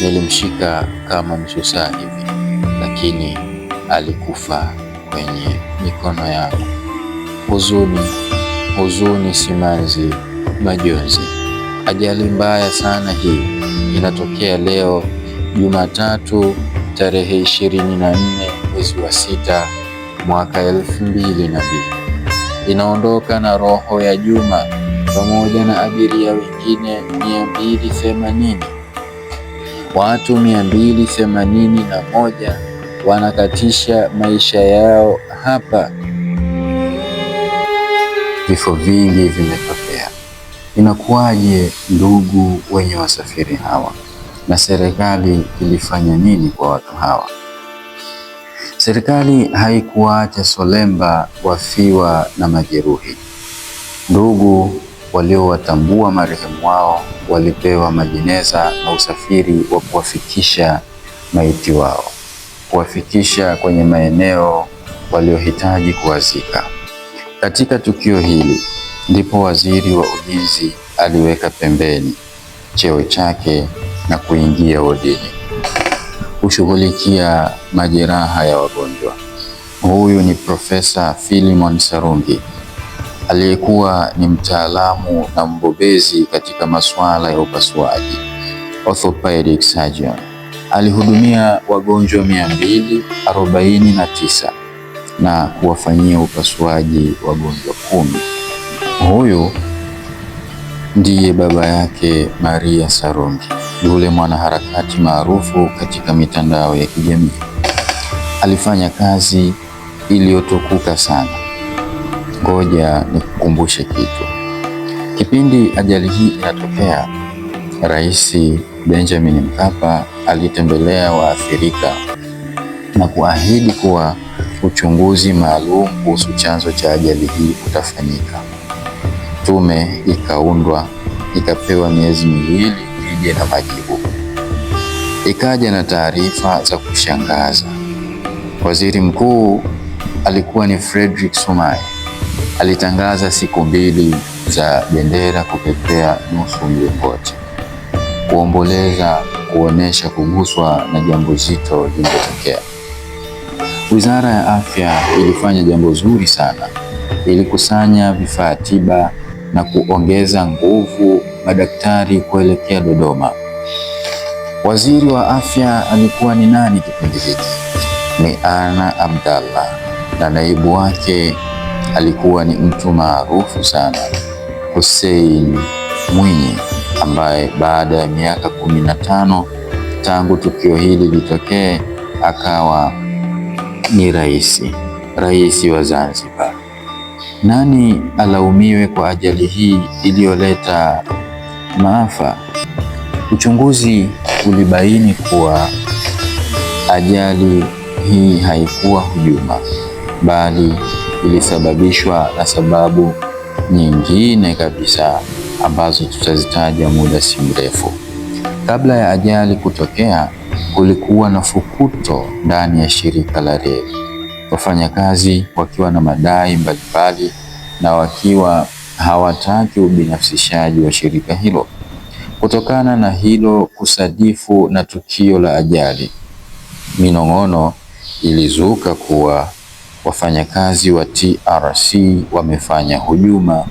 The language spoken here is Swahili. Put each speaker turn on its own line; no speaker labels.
Nilimshika kama msusaa hivi, lakini alikufa kwenye mikono yangu. Huzuni, huzuni, simanzi, majonzi. Ajali mbaya sana hii inatokea leo Jumatatu tarehe 24 mwezi wa sita mwaka elfu mbili na mbili. Inaondoka na roho ya Juma pamoja na abiria wengine 280 watu mia mbili themanini na moja wanakatisha maisha yao hapa. Vifo vingi vimetokea. Inakuwaje ndugu wenye wasafiri hawa, na serikali ilifanya nini kwa watu hawa? Serikali haikuwaacha solemba wafiwa na majeruhi. Ndugu waliowatambua marehemu wao walipewa majeneza na usafiri wa kuwafikisha maiti wao, kuwafikisha kwenye maeneo waliohitaji kuwazika. Katika tukio hili ndipo waziri wa ulinzi aliweka pembeni cheo chake na kuingia wodini kushughulikia majeraha ya wagonjwa. Huyu ni Profesa Filimon Sarungi aliyekuwa ni mtaalamu na mbobezi katika masuala ya upasuaji, orthopedic surgeon. Alihudumia wagonjwa 249 na kuwafanyia upasuaji wagonjwa kumi. Huyu ndiye baba yake Maria Sarungi, yule mwanaharakati maarufu katika mitandao ya kijamii. Alifanya kazi iliyotukuka sana Ngoja nikukumbushe kitu. Kipindi ajali hii inatokea, Rais Benjamin Mkapa alitembelea waathirika na kuahidi kuwa uchunguzi maalum kuhusu chanzo cha ajali hii utafanyika. Tume ikaundwa ikapewa miezi miwili ije na majibu. Ikaja na taarifa za kushangaza. Waziri mkuu alikuwa ni Frederick Sumaye alitangaza siku mbili za bendera kupepea nusu mlingoti, kuomboleza, kuonesha kuguswa na jambo zito lililotokea. Wizara ya Afya ilifanya jambo zuri sana, ilikusanya vifaa tiba na kuongeza nguvu madaktari kuelekea Dodoma. Waziri wa Afya alikuwa ni nani kipindi hiki? Ni Ana Abdallah na naibu wake alikuwa ni mtu maarufu sana Hussein Mwinyi ambaye baada ya miaka kumi na tano tangu tukio hili litokee akawa ni rais rais wa Zanzibar. Nani alaumiwe kwa ajali hii iliyoleta maafa? Uchunguzi ulibaini kuwa ajali hii haikuwa hujuma bali ilisababishwa na sababu nyingine kabisa ambazo tutazitaja muda si mrefu. Kabla ya ajali kutokea, kulikuwa na fukuto ndani ya shirika la reli, wafanyakazi wakiwa na madai mbalimbali na wakiwa hawataki ubinafsishaji wa shirika hilo. Kutokana na hilo kusadifu na tukio la ajali, minong'ono ilizuka kuwa wafanyakazi wa TRC wamefanya hujuma